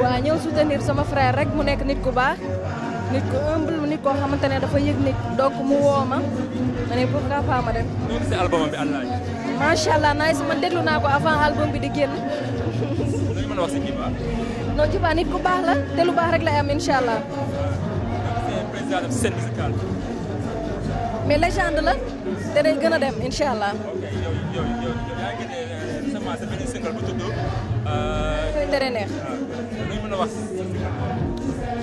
waaw ñëw soutenir sama frère rek mu nekk nit ku baax nit ku humble nit koo xamante ne dafa yëg nit donc mu woo ma ma ne pourquoi ma dem. album nice man déglu naa ko avant album bi di génn. loolu mën a nit ku baax la te lu baax rek lay am incha de scène mais légende la te day gën a dem incha allah. récemment sa benn single bu euh, neex. waaw mën a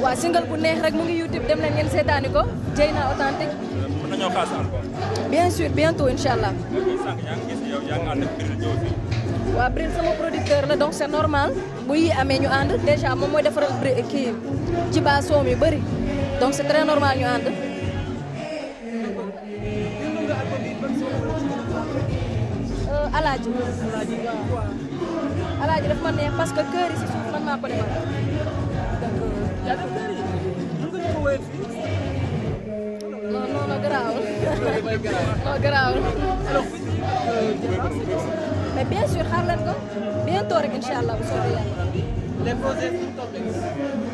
wax. waaw rek mu ngi YouTube dem na ngeen seetaani ko Dieyna authentique. Euh, mën nañoo xaar bien sûr bientôt incha allah. ok sànq yaa bi. waaw Bril sama producteur la donc c'est normal bu yi amee ñu ànd déjà moom mooy defaral kii ci baasoom yu bëri donc c'est très normal ñu ànd. alaaji waaw alaaji daf parce que kër si suuf man maa ko defal non non non garaawul non bien sûr xaar leen ko bientôt rek incha allah bu soobee yàlla les projets sont complexes.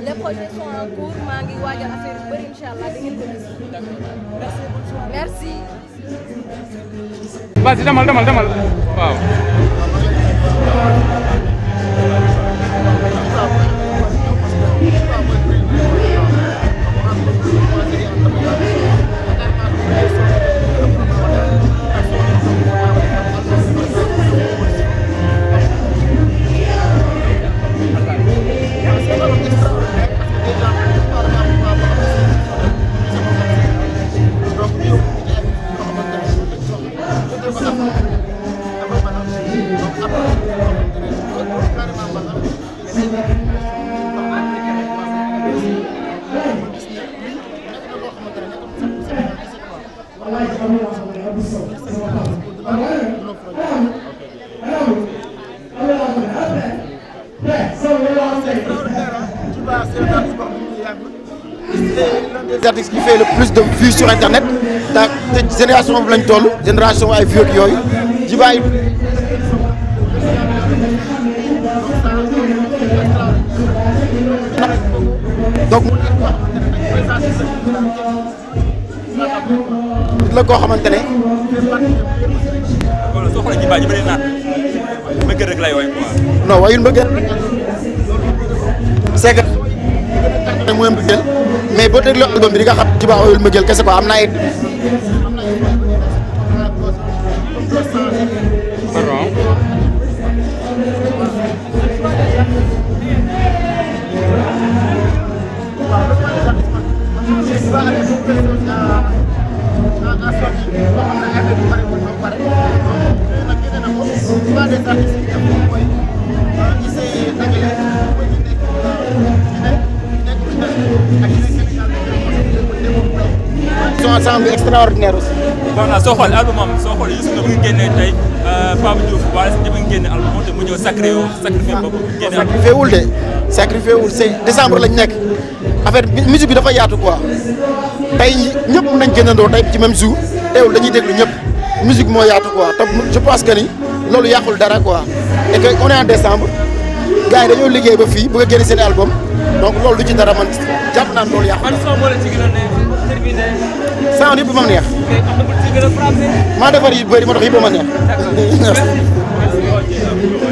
les projets sont en cours maa ngi waajal affaire yu bëri incha allah di ngeen ko gis. d'accord merci. vas-y demal demal demal waaw. des artistes qui fait le plus de vues sur internet ndax te génération boobu lañ toll génération ay vues ak yooyu Djiba donc mu nit la koo xamante ne. wala soo xoolee ji baa ji bëri lay way quoi. non wayul mbëggeel. c'est que mooy mais boo dégloo album bi di nga xam ci ma wayul mbëggeel kese quoi am na ay. ensemble extraordinaire aussi. voilà soo xoolee album am soo xoolee Youssou Ndour bu ñu génnee tey euh, Pape Diouf waa ñëpp ñu génne album te mu ñëw sacrifié woo sacrifié boobu. génne sacrifié wul de sacrifié wul c'est décembre lañ nekk affaire bi musique bi dafa yaatu quoi. tey ñëpp nañ génnandoo tey ci même jour teewul dañuy déglu ñëpp musique moo yaatu quoi te je pense ni loolu yàqul dara quoi et que on est en yi dañoo liggéey ba fii bëgg a génne seen album donc loolu du ci dara man jàpp naa loolu yàqu. man soo boole ci a neex. saa yëpp ma neex. maa defar yu bëri ma dox yëpp ba ma neex.